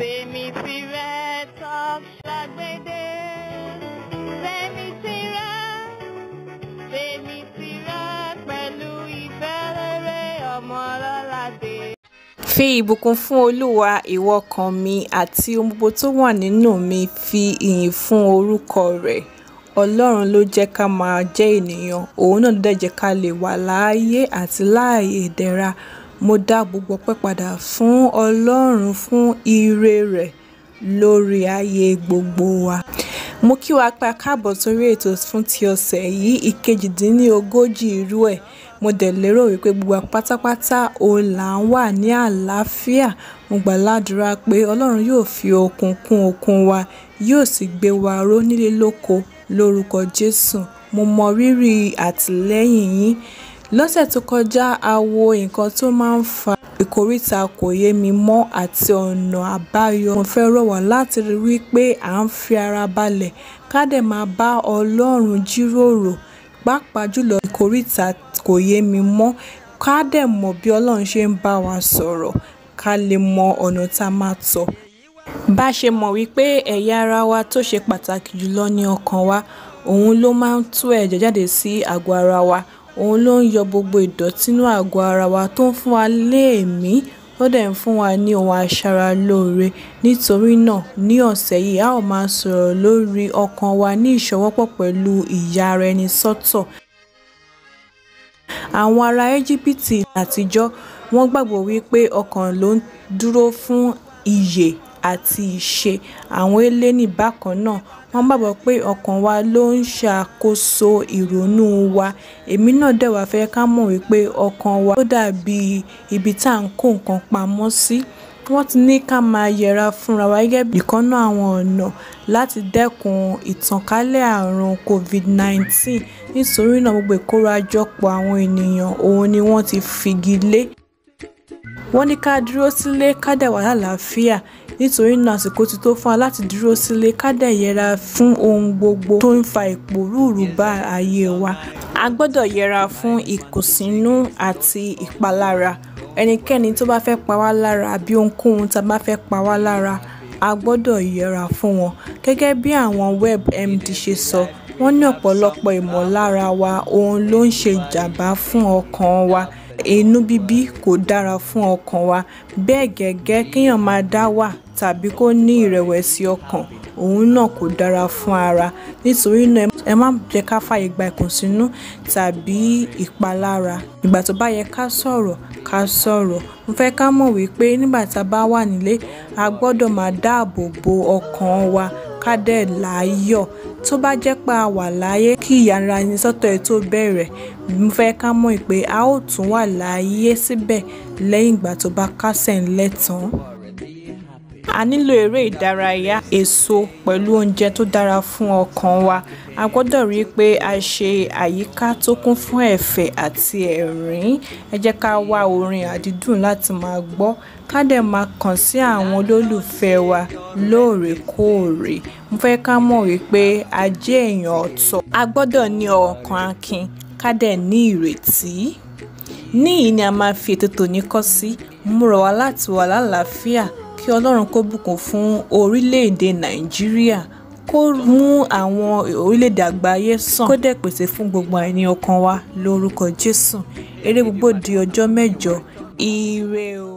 Fi ìbùkún fún Olúwa ìwọ ọkàn mi àti ohun gbogbo tó wà nínú mi fi ìyìn fún orúkọ rẹ̀. Ọlọ́run ló jẹ́ ká máa jẹ́ ènìyàn, òun náà ló dẹ̀ jẹ́ ká lè wà láàyè àti láàyè ìdẹ̀ra mo dá gbogbo ọpẹ́ padà fún ọlọ́run fún ire rẹ̀ lórí ayé gbogbo wa mo kí wa pa káàbọ̀ sórí ètò fún ti ọ̀sẹ̀ yìí ìkejìdínlógójì irú ẹ̀ mo dẹ̀ lérò wípé gbogbo pátápátá o là ń wà ní àlàáfíà mo gbà ládùúrà pé ọlọ́run yóò fi okun kún okun wa yóò sì gbé wa ró nílé lóko lórúkọ jésù mo mọ rírì àtìlẹ́yìn yín lọ́sẹ̀ tó kọjá a wo nǹkan tó máa ń fa ìkòríta kò yé mi mọ́ àti ọ̀nà àbáyọ mo fẹ́ rọ̀ wá láti rí wí pé à ń fi ara balẹ̀ ká dẹ̀ máa bá Ọlọ́run jíròrò pàápàá jùlọ ìkòríta kò yé mi mọ́ ká dẹ̀ mọ̀ bí Ọlọ́run ṣe ń bá wa sọ̀rọ̀ ká lè mọ ọ̀nà tá a máa tọ̀ bá ṣe mọ̀ wípé ẹ̀yà ara wa tó ṣe pàtàkì jùlọ ní ọkàn wa òun ló máa ń tú ẹ̀jẹ̀ jáde sí àgọ́ ara wa òun ló ń yọ gbogbo ìdọ̀tí inú àgọ́ ara wa tó ń fún wa léèémí tó dẹ̀ ń fún wa ní ohun aṣaralóore. Nítorí náà, ní ọ̀sẹ̀ yìí a ó máa sọ̀rọ̀ lórí ọkàn wa ní ìṣọwọ́pọ̀ pẹ̀lú ìyaraẹnisọ́tọ̀. Àwọn ará Íjíbítì àtijọ́, wọ́n gbàgbọ́ wípé ọkàn ló ń dúró fún ìyè àti ìṣe àwọn Hélènì Bákan náà, wọ́n gbàgbọ́ pé ọkàn wa ló ń ṣàkóso ìrònú wa, èmi náà dẹ̀ wá fẹ́ ká mọ̀ wípé ọkàn wa ó dàbí ibi tá a kó nǹkan pamọ́ sí. Wọ́n ti ní ká máa yẹra fúnra wa gẹ́gẹ́ bí ìkan nínú àwọn ọ̀nà láti dẹ́kun ìtànkálẹ̀ àrùn COVID-19. Nítorí náà gbogbo ìkórajọpọ̀ àwọn ènìyàn òun ni wọ́n ti figi lé. Wọ́n ní ká dúró sílé ká dẹ̀ wà lálàáfíà nítorí náà àsìkò ti tó fún wa láti dúró sílé ká dẹ̀ yẹra fún ohun gbogbo tó ń fa ìpòrúurú bá ayé wa a gbọ́dọ̀ yẹra fún ìkùnsínú àti ìpalára ẹnikẹ́ni tó bá fẹ́ pa wá lára àbí ohunkóhun tá a bá fẹ́ pa wá lára a gbọ́dọ̀ yẹra fún wọn gẹ́gẹ́ bí àwọn WebMD ṣe sọ wọ́n ní ọ̀pọ̀lọpọ̀ ìmọ̀lára wa òun ló ń ṣe ìjàmbá fún ọkàn wa inú bíbí kò dára fún ọkàn wa bẹ́ẹ̀ gẹ́gẹ́ kéèyàn máa dá wà tàbí kó ní ìrẹ̀wẹ̀sì ọkàn òun náà kò dára fún ara nítorí náà ẹ má jẹ́ ká fàyè gba ìkùnsínú tàbí ìpalára ìgbà tó bá yẹ ká sọ̀rọ̀ ká sọ̀rọ̀ mo fẹ́ ká mọ̀ wípé nígbà tá a bá wà nílé a gbọ́dọ̀ máa dáàbò bo ọkàn wa ká dẹ̀ láyọ̀ tó bá jẹ́ pé a wà láyé kí ìyaraẹnisọ́tọ̀ yìí tó bẹ̀rẹ̀ mo fẹ́ ká mọ̀ pé a ó tún wà láyé síbẹ̀ lẹ́yìn ìgbà tó bá kásẹ̀ ńlẹ̀ tán a nílò eré ìdárayá èso pẹ̀lú oúnjẹ tó dára fún ọkàn wa a gbọ́dọ̀ rí i pé a ṣe àyíká tó kún fún ẹ̀fẹ̀ àti ẹ̀rín ẹ jẹ́ ká wá orin àdídùn láti máa gbọ́ ká dẹ̀ máa kàn sí àwọn olólùfẹ́ wa lóòrèkóòrè mo fẹ́ ká mọ̀ wípé a jẹ́ èèyàn ọ̀tọ̀ a gbọ́dọ̀ ní ọkàn akin ká dẹ̀ ní ìrètí níyìí ni a máa fi ètò tòní kọ́ sí mo rọ̀ láti wà lálàáfíà kí ọlọ́run kó bùkún fún orílẹ̀-èdè nàìjíríà kó mú àwọn orílẹ̀-èdè àgbáyé sàn kó dẹ̀ pèsè fún gbogbo àìní ọkàn wa lórúkọ jésù eré gbogbo di ọjọ́ mẹ́jọ ire o.